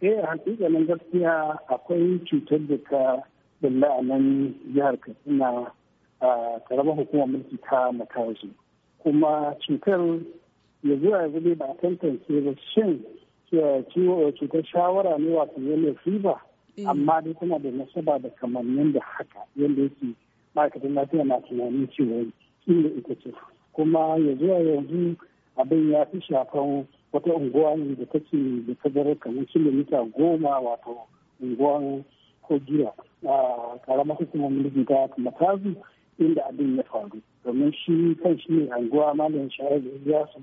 eh hakikanin gaskiya akwai cutar da ka bulla a nan jihar katsina a karamar hukumar mulki ta matawashi kuma cutar ya zuwa ya zube ba tantance ba shin eh, ciwo eh, cutar shawara ne wato yellow ba. Eh. amma dai tana da nasaba da kamannin da haka yadda yake ma'aikatan lafiya na tunanin cewa inda ita ce kuma ya zuwa yanzu abin ya fi shafan wata unguwa ne da take da tazarar kamar kilomita goma wato unguwan kogira a karamar hukumar mulki ta matazu inda abin ya faru domin shi kan shi ne anguwa malam shayar da ya su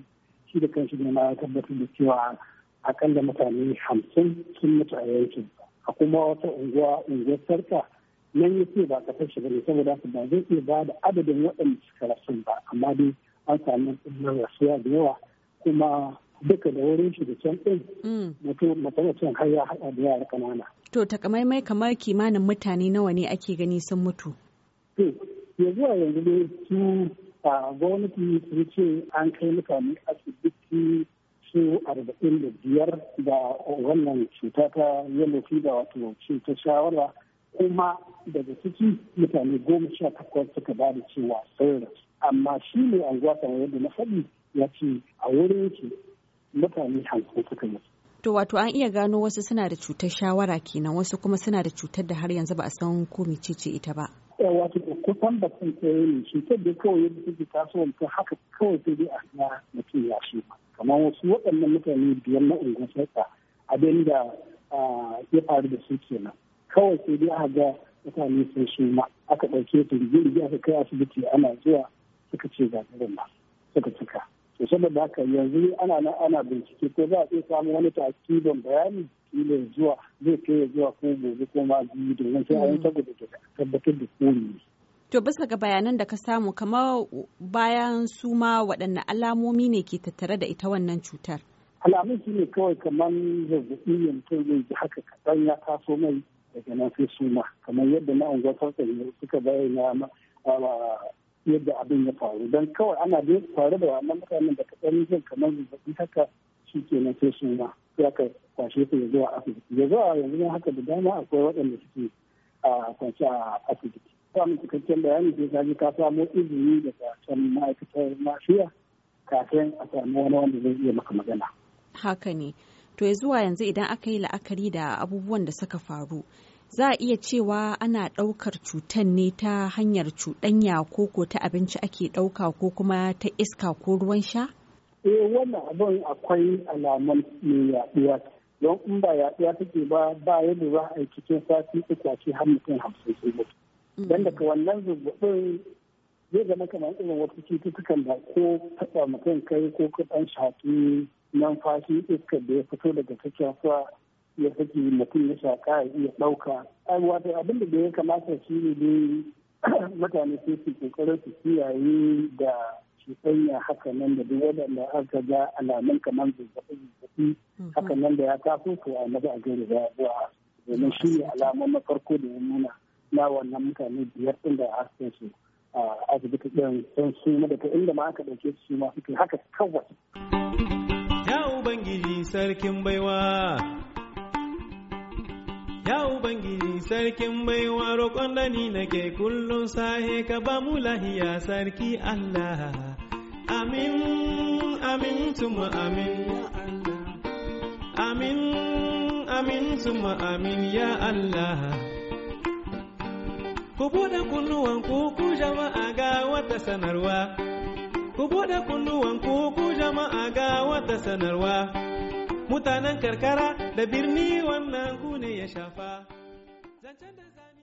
shi da kan shi ne ma tabbatar da cewa akalla mutane hamsin sun mutu a yankin a kuma wata unguwa unguwar sarka nan ya ce ba kasar shi bane saboda ba zai iya ba da adadin waɗanda suka rasu ba amma dai an samu rasuwa da yawa kuma duka da wurin shi da can ɗin mm. mutum har ya haɗa da yara ƙanana. To takamaimai kamar kimanin mutane nawa ne ake gani sun mutu? To ya zuwa yanzu ne su a gwamnati sun ce an kai mutane asibiti su arba'in da biyar da wannan cuta ta yellow fever wato ta shawara kuma daga ciki mutane goma sha takwas suka ba da cewa sun amma shi ne anguwa kamar yadda na faɗi ya ce a wurin ki mutane hankali suka yi. To wato an iya gano wasu suna da cutar shawara kenan wasu kuma suna da cutar da har yanzu ba a san ko mecece ita ba. Eh, wato kusan da sun koyo ne cutar da kawai yadda ta tasowar ta haka kawai sai dai a na mutum ya shi kamar wasu waɗannan mutane biyar na unguwar sarka abin da ya faru da su kenan kawai sai dai a ga mutane sun suma aka ɗauke su rigirgi aka kai asibiti ana zuwa suka ce ga irin suka da haka yanzu ana nan ana bincike ko za a iya samu wani tasirin bayani kila zuwa zai kai zuwa ko gobe ko ma biyu wani sai an tabbatar da tabbatar da komi To bisa ga bayanan da ka samu kamar bayan su ma waɗanne alamomi ne ke tattare da ita wannan cutar? Alamun shi ne kawai kamar zazzaɓi ya mutum zai ji haka kaɗan ya taso mai daga nan sai suma kamar yadda na unguwar suka bayyana yadda abin ya faru don kawai ana dai faru da wannan mutanen da kaɗan jin kamar zazzabi haka shi ke na sai su ma ya ka kwashe su ya zuwa asibiti ya zuwa yanzu ne haka da dama akwai waɗanda suke a kwanci a asibiti samun cikakken bayani sai ka ji ka samo izini daga can ma'aikatar mafiya kafin a samu wani wanda zai iya maka magana. haka ne to ya zuwa yanzu idan aka yi la'akari da abubuwan da suka faru za a iya cewa ana ɗaukar cutan ne ta hanyar cuɗanya koko ta abinci ake ɗauka ko kuma ta iska ko ruwan sha? Eh wannan abin akwai alaman mai yaɗuwa don in ba yaɗuwa take ba ba yadda za a yi cikin sati uku ce har mutum hamsin su mutu. Mm. Don daga wannan zazzaɓin zai zama kamar irin wasu cututtukan da ko taɓa mutum kai ko kaɗan shafi numfashi iskar da ya fito daga cikin ya saki mutum ya shaka ya ɗauka wato abin da ya kamata shi ne dai mutane sai su kokarin su kiyaye da cuɗanya haka nan da duk waɗanda aka ga alamun kamar zazzaɓi zazzaɓi mhm. haka nan da ya taso to a maza a gari da zuwa domin shi ne alamun na farko da ya nuna na wannan mutane biyar ɗin da aka su a asibiti ɗin sun su ta inda ma aka ɗauke su ma suke haka kawai. Ya Ubangiji sarkin baiwa. Ya Ubangiji sarkin baiwa roƙon da ni nake kullum sahe ka ba mu lahiya sarki Allah. Amin, amin, tuma amin. Amin, amin, tuma amin ya Allah. Ku buɗe kunnuwan ku jama'a ga wata sanarwa. Ku buɗe kunnuwan ku jama'a ga wata sanarwa. mutanen karkara da birni wannan ku ne ya shafa. Zancen da zani